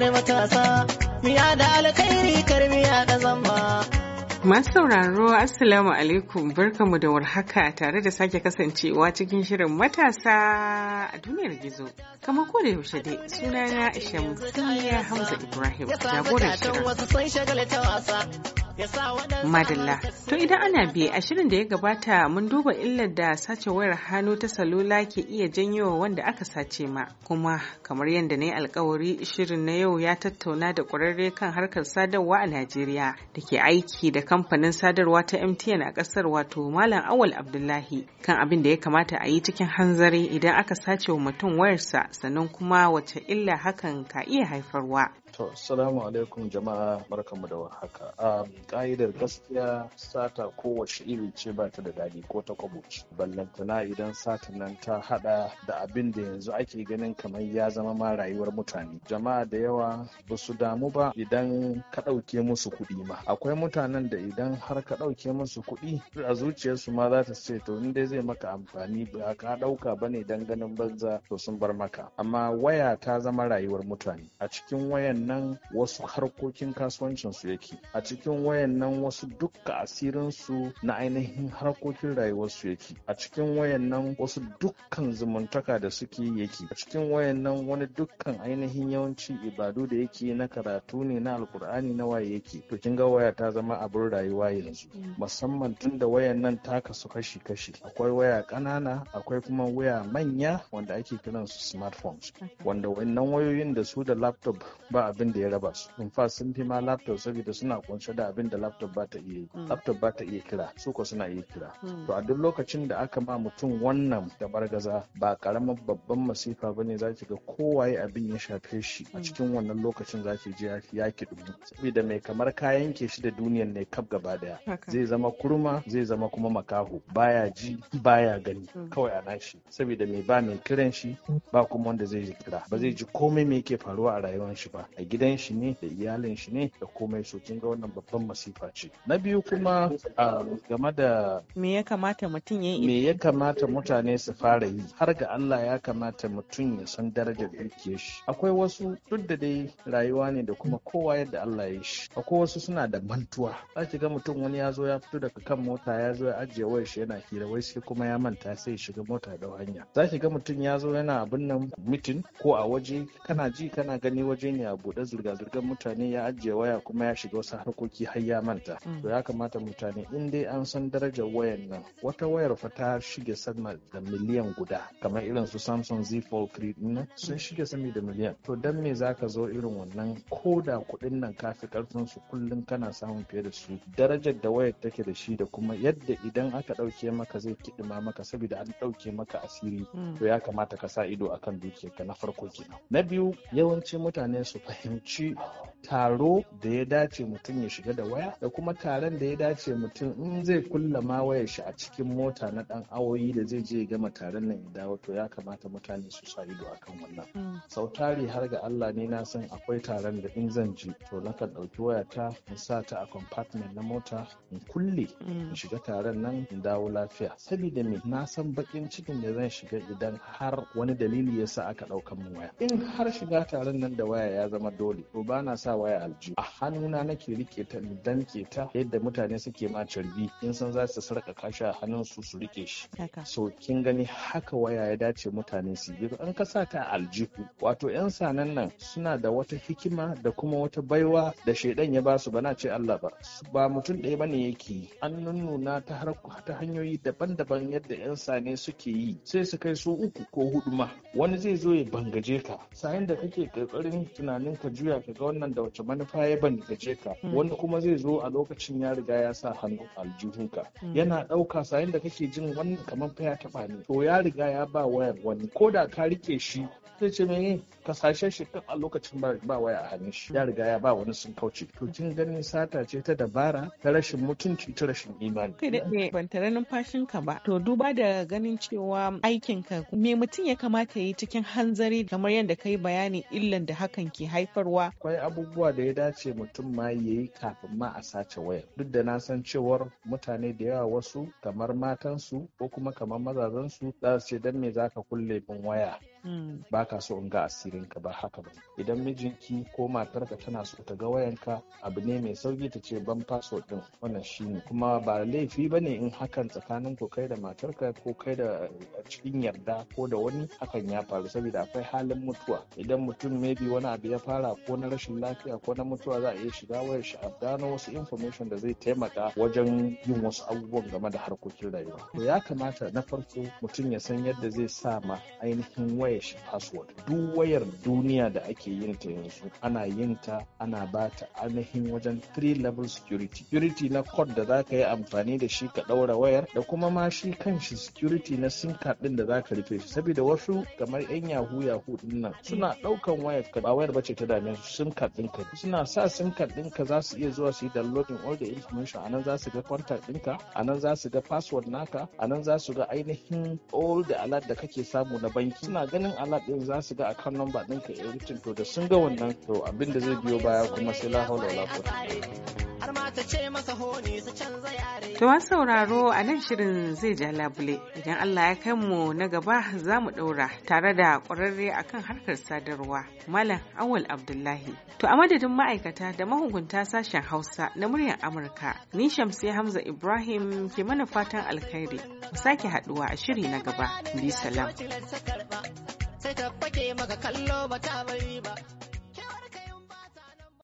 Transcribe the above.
duniyar matasa, miya da alkhairi zamba. Masu sauraro Assalamu alaikum barkamu da warhaka tare da sake kasancewa cikin shirin matasa a duniyar gizo. Kama ko da yaushe dai sunana Shamsiyya Hamza Ibrahim jagoran shirin. Madalla. To idan ana bi a shirin da ya gabata mun duba illar da sace wayar hannu ta salula ke iya janyowa wanda aka sace ma. Kuma kamar yadda na yi alkawari shirin na yau ya tattauna da ƙwararre kan harkar sadarwa a Najeriya da ke aiki da kamfanin sadarwa ta MTN a ƙasar wato Malam Awal Abdullahi kan abin da ya kamata a yi cikin hanzari idan aka sace wa mutum wayarsa sannan kuma wace illa hakan ka iya haifarwa. To, salamu alaikum jama'a barkanmu da warhaka. A um, Ka'idar gaskiya sata kowace iri ce ba ta da dadi ko ta kwabo Ballantana idan sata nan ta haɗa da abin da yanzu ake ganin kamar ya zama ma rayuwar mutane. Jama'a da yawa ba su damu ba idan ka ɗauke musu kuɗi ma. Akwai mutanen da idan har ka ɗauke musu kuɗi a zuciyarsu ma za ta ce to in zai maka amfani ba ka ɗauka ba ne ganin banza to sun bar maka. Amma waya ta zama rayuwar mutane. A cikin wayan wayannan wasu harkokin kasuwancin su yake a cikin wayannan wasu dukka asirin su na ainihin harkokin rayuwarsu su yake a cikin wayannan wasu dukkan zumuntaka da suke yake a cikin wayannan wani dukkan ainihin yawanci ibadu da yake na karatu ne na alkur'ani na waye yake to kin ga waya ta zama abin rayuwa yanzu mm. musamman tun da wayan nan ta kasu kashi kashi akwai waya ƙanana akwai kuma waya manya wanda ake kiransu su smartphones wanda wannan wayoyin da su da laptop ba abin da ya raba su in fa sun fi ma laptop saboda suna kunshe da abin da laptop ba ta iya mm. laptop ba ta iya kira su ko suna iya kira mm. to a duk lokacin da aka ma mutum wannan da bargaza ba karamar babban masifa bane zaki ga kowaye abin ya shafe shi a mm. cikin wannan lokacin zaki ji ya ki dubu saboda mai kamar ka yanke shi da duniyar ne kaf gaba daya zai zama kurma zai zama kuma makaho baya ji baya gani kawai a nashi saboda mai ba mai kiran shi ba kuma wanda zai ji kira ba zai ji komai me yake faruwa a rayuwar shi ba a gidan shi ne da iyalin shi ne da komai so kin ga wannan babban masifa ce na biyu kuma game da me ya kamata mutum ya yi me ya kamata mutane su fara yi har ga Allah ya kamata mutum ya san darajar dukiyar shi akwai wasu duk da dai rayuwa ne da kuma kowa yadda Allah ya shi akwai wasu suna da mantuwa za ki ga mutum wani ya zo ya fito daga kan mota ya zo ya ajiye wayar shi yana hira wai sai kuma ya manta sai shiga mota da hanya za ki ga mutum ya zo yana abin nan mitin ko a waje kana ji kana gani waje ne abu buɗe zirga-zirgar mutane ya ajiye waya kuma ya shiga wasu harkoki har ya manta mm. to ya kamata mutane in dai an san darajar wayan nan wata wayar fa ta shige sama da miliyan guda kamar irin su samsung z fold 3 din sun shige sami da miliyan to dan me zaka zo irin wannan ko da kuɗin nan fi karfin su kullum kana samun fiye da su darajar da wayar take da shi da kuma yadda idan aka ɗauke maka zai kiɗima maka saboda an ɗauke maka asiri mm. to ya kamata ka sa ido akan dukiyarka na farko kenan na biyu yawanci mutane su fahimta. 扭曲。taro da ya dace mutum ya shiga da waya da kuma taron da ya dace mutum in zai kulla ma wayar shi a cikin mota na dan awoyi da zai je ya gama taron nan ya dawo to ya kamata mutane su sa ido akan wannan hmm. sautari har ga Allah ne na san akwai taron da in zan je to nakan ɗauki wayata in sa ta a compartment na mota in kulle hmm. in shiga taron nan in dawo lafiya saboda me na san bakin cikin da zan shiga idan har wani dalili yasa aka ɗaukan mu waya in har shiga taron nan da waya ya zama dole to bana sa sawa ya a hannuna nake rike ta danke ta yadda mutane suke ma carbi in san za su sarka kashi a hannun su su rike shi so kin gani haka waya ya dace mutane su yi an ka sa ta aljihu wato yan sanan nan suna da wata hikima da kuma wata baiwa da shaidan ya ba su bana ce Allah ba ba mutum ɗaya bane yake an nunnuna ta har ta hanyoyi daban-daban yadda yan sane suke yi sai su kai su uku ko hudu ma wani zai zo ya bangaje ka sayan da kake ƙarƙarin tunanin ka juya ka ga wannan da wace manufa ya bangaje ka hmm. Wani kuma zai zo a lokacin ya riga ya sa hannu aljihunka hmm. yana ɗauka sayan da kake jin wannan kamar fa ya taɓa ne to ya riga ya ba wayar wani ko da ka rike shi zai ce mai ka sashe shi a lokacin ba waya a hannun shi ya riga ya ba wani sun kauce to kin ganin sata ce ta dabara ta rashin mutunci ta rashin imani kai daɗe ban tare numfashin ka ba to duba da ganin cewa aikin ka me mutum ya kamata yi cikin hanzari kamar yadda kai bayani illan da hakan ke haifarwa akwai abubuwa abubuwa da ya dace mutum ma ya yi kafin ma a sace waya duk da na san cewar mutane da yawa wasu kamar matansu ko kuma kamar mazazansu za su ce don me zaka kulle bin waya Hmm. ba ka so in ga asirinka ba haka ba idan mijinki ko matarka tana so ta ga wayanka abu ne mai sauki ta ce ban faso din wannan shi ne. kuma ba laifi ba ne in hakan tsakanin ku kai da matarka ko kai da cikin yarda ko da wani hakan ya faru saboda akwai halin mutuwa idan mutum maybe wani abu ya fara ko na rashin lafiya ko na mutuwa za a iya shiga wayar shi a gano wasu information da zai taimaka wajen yin wasu abubuwan game da harkokin rayuwa to ya kamata na farko mutum ya san yadda zai sa ma ainihin waya wayar shi password duk wayar duniya da ake yin ta yanzu ana yin ta ana ba ta ainihin wajen three level security security na code da za ka yi amfani da shi ka ɗaura wayar da kuma ma shi kan shi security na sim card ɗin da za ka rufe shi saboda wasu kamar yan yahoo yahoo din nan suna ɗaukan wayar ka ba wayar bace ta dame su sim card ɗin ka suna sa sim card ɗin ka za su iya zuwa su yi downloading all the information anan za su ga contact ɗinka anan za su ga password naka anan za su ga ainihin all the alert da kake samu na banki suna ganin alat din za su ga akan ka ɗinka everything to da sun ga wannan to abin da zai biyo baya kuma sai la haula to an sauraro a nan shirin zai ja labule idan Allah ya kai mu na gaba za mu ɗaura tare da ƙwararre akan harkar sadarwa Malam Awal Abdullahi. To a madadin ma'aikata da mahukunta sashen Hausa na muryar Amurka, ni Shamsi Hamza Ibrahim ke mana fatan alkhairi. Sake haduwa a shiri na gaba. Bi salam. sai ta fake maka kallo ba ta bari ba